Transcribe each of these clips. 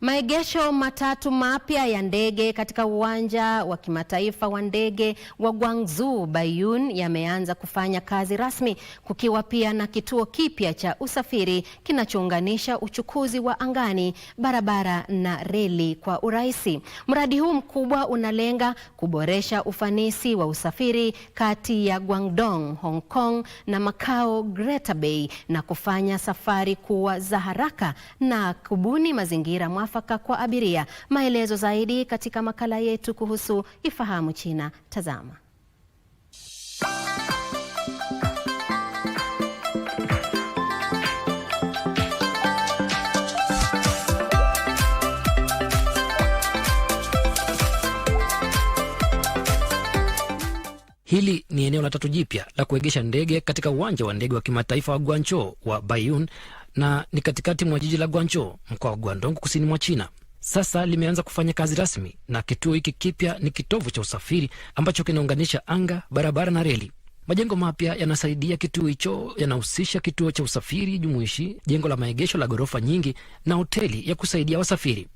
Maegesho matatu mapya ya ndege katika uwanja wa kimataifa wa ndege wa Guangzhou Baiyun yameanza kufanya kazi rasmi, kukiwa pia na kituo kipya cha usafiri kinachounganisha uchukuzi wa angani, barabara na reli kwa urahisi. Mradi huu mkubwa unalenga kuboresha ufanisi wa usafiri kati ya Guangdong, Hong Kong na Macau Greater Bay na kufanya safari kuwa za haraka na kubuni mazingira mwafaka kwa abiria. Maelezo zaidi katika makala yetu kuhusu Ifahamu China. Tazama. Hili ni eneo la tatu jipya la kuegesha ndege katika uwanja wa ndege wa kimataifa wa Guangzhou wa Baiyun na ni katikati mwa jiji la Guangzhou, mkoa wa Guangdong, kusini mwa China. Sasa limeanza kufanya kazi rasmi, na kituo hiki kipya ni kitovu cha usafiri ambacho kinaunganisha anga, barabara na reli. Majengo mapya yanasaidia kituo hicho, yanahusisha kituo cha usafiri jumuishi, jengo la maegesho la ghorofa nyingi na hoteli ya kusaidia wasafiri.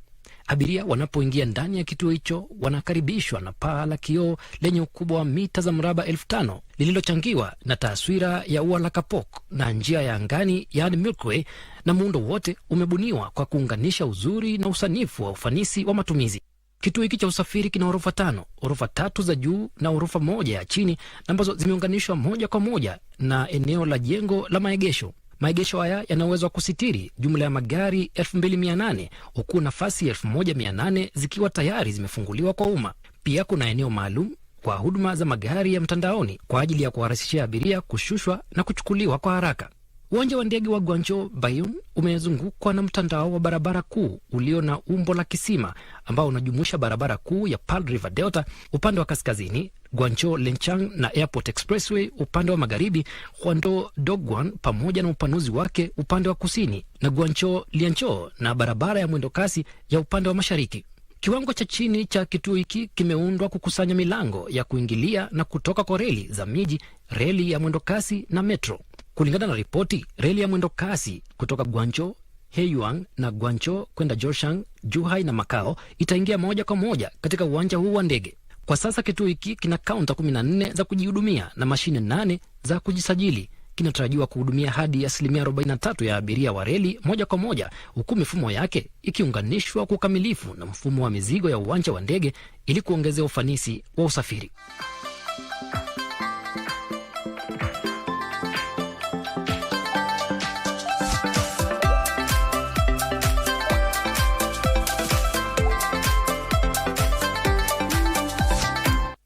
Abiria wanapoingia ndani ya kituo hicho wanakaribishwa na paa la kioo lenye ukubwa wa mita za mraba elfu tano lililochangiwa na taswira ya ua la Kapok na njia ya angani yaani Milkway, na muundo wote umebuniwa kwa kuunganisha uzuri na usanifu wa ufanisi wa matumizi. Kituo hiki cha usafiri kina ghorofa tano, ghorofa tatu za juu na ghorofa moja ya chini ambazo zimeunganishwa moja kwa moja na eneo la jengo la maegesho. Maegesho haya yanaweza kusitiri jumla ya magari 2800 huku nafasi 1800 zikiwa tayari zimefunguliwa kwa umma. Pia kuna eneo maalum kwa huduma za magari ya mtandaoni kwa ajili ya kuwarahisishia abiria kushushwa na kuchukuliwa kwa haraka. Uwanja wa ndege wa Guangzhou Baiyun umezungukwa na mtandao wa barabara kuu ulio na umbo la kisima ambao unajumuisha barabara kuu ya Pearl River Delta upande wa kaskazini, Guangzhou Lenchang na Airport Expressway upande wa magharibi, Huangdo Dongguan pamoja na upanuzi wake upande wa kusini, na Guangzhou Lianchou na barabara ya mwendokasi ya upande wa mashariki. Kiwango cha chini cha kituo hiki kimeundwa kukusanya milango ya kuingilia na kutoka kwa reli za miji, reli ya mwendokasi na metro. Kulingana na ripoti, reli ya mwendo kasi kutoka Gwancho Heyuang na Gwancho kwenda Joshang, juhai na makao itaingia moja kwa moja katika uwanja huu wa ndege. Kwa sasa kituo hiki kina kaunta 14 za kujihudumia na mashine nane za kujisajili. Kinatarajiwa kuhudumia hadi asilimia 43 ya abiria wa reli moja kwa moja, huku mifumo yake ikiunganishwa kwa ukamilifu na mfumo wa mizigo ya uwanja wa ndege ili kuongezea ufanisi wa usafiri.